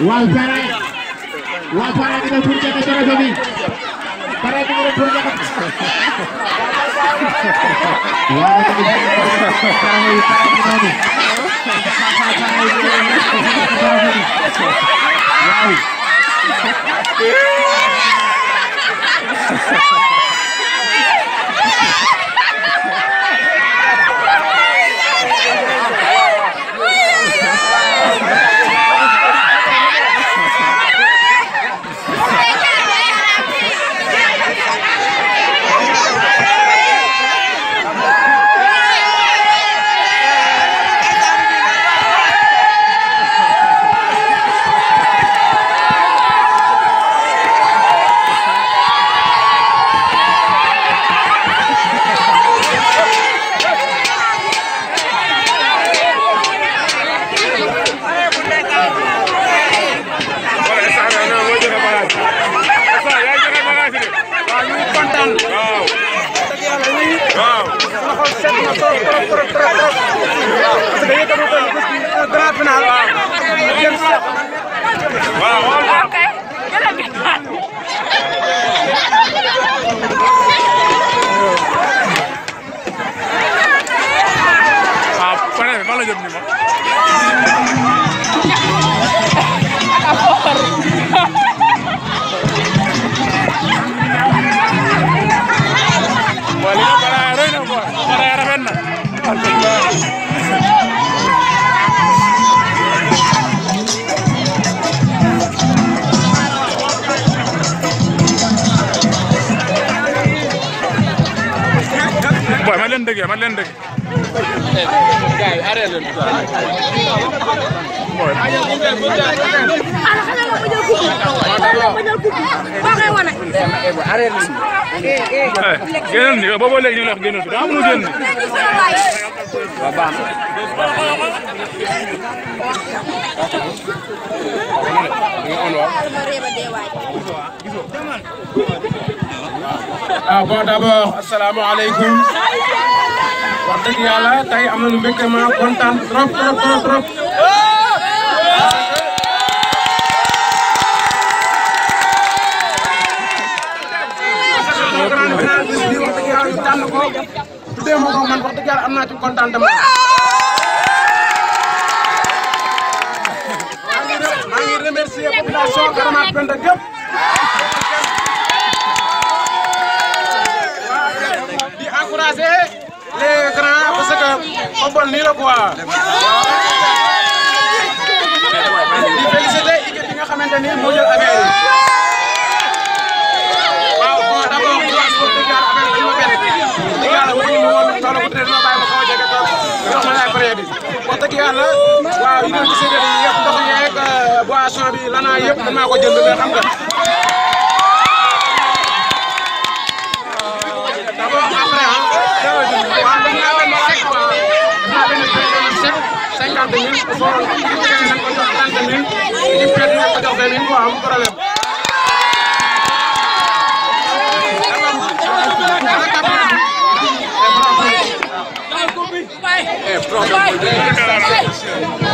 Walpara, Walpara kita punya kecuali Para que me ponga. Ya, ya, ya. set na trop trop trop trop parce que dañuy dem ba un grand final. waaw. waaw. déggee man leen déggee. génnal ni boobu léegi ñu ngi wax génnal fi daa mënul génn. waaw baax ah bon d'abord asalaamaaleykum wax dëgg yàlla tey am nañu mbégte ma kontaan trop trop trop trop. tuddee ma ko man wax dëgg yàlla am naa ci kontaan dama. maa ngi remercier population Karamath Penda gépp ma bon nii la quoi. di félicité équipe bi nga xamante ni moo jël affaire yi. waaw bon d' abord ñu wax ko dëgg yàlla affaire bi ñu ma benn. dëgg yàlla mënuñu ma woon loolu peut être ma bàyyi ma xaw a jege toog jox ma laay pare bi. wax dëgg yàlla waaw yu ñu gisee yëpp ndox yeeg euh, boisson bi lanaa yëpp mën naa ko jënd nga xam nga. soo ko jigéen nga ko jox trente mille ñu perte nga ko jox vingt mille mu am problème. Eh, problème.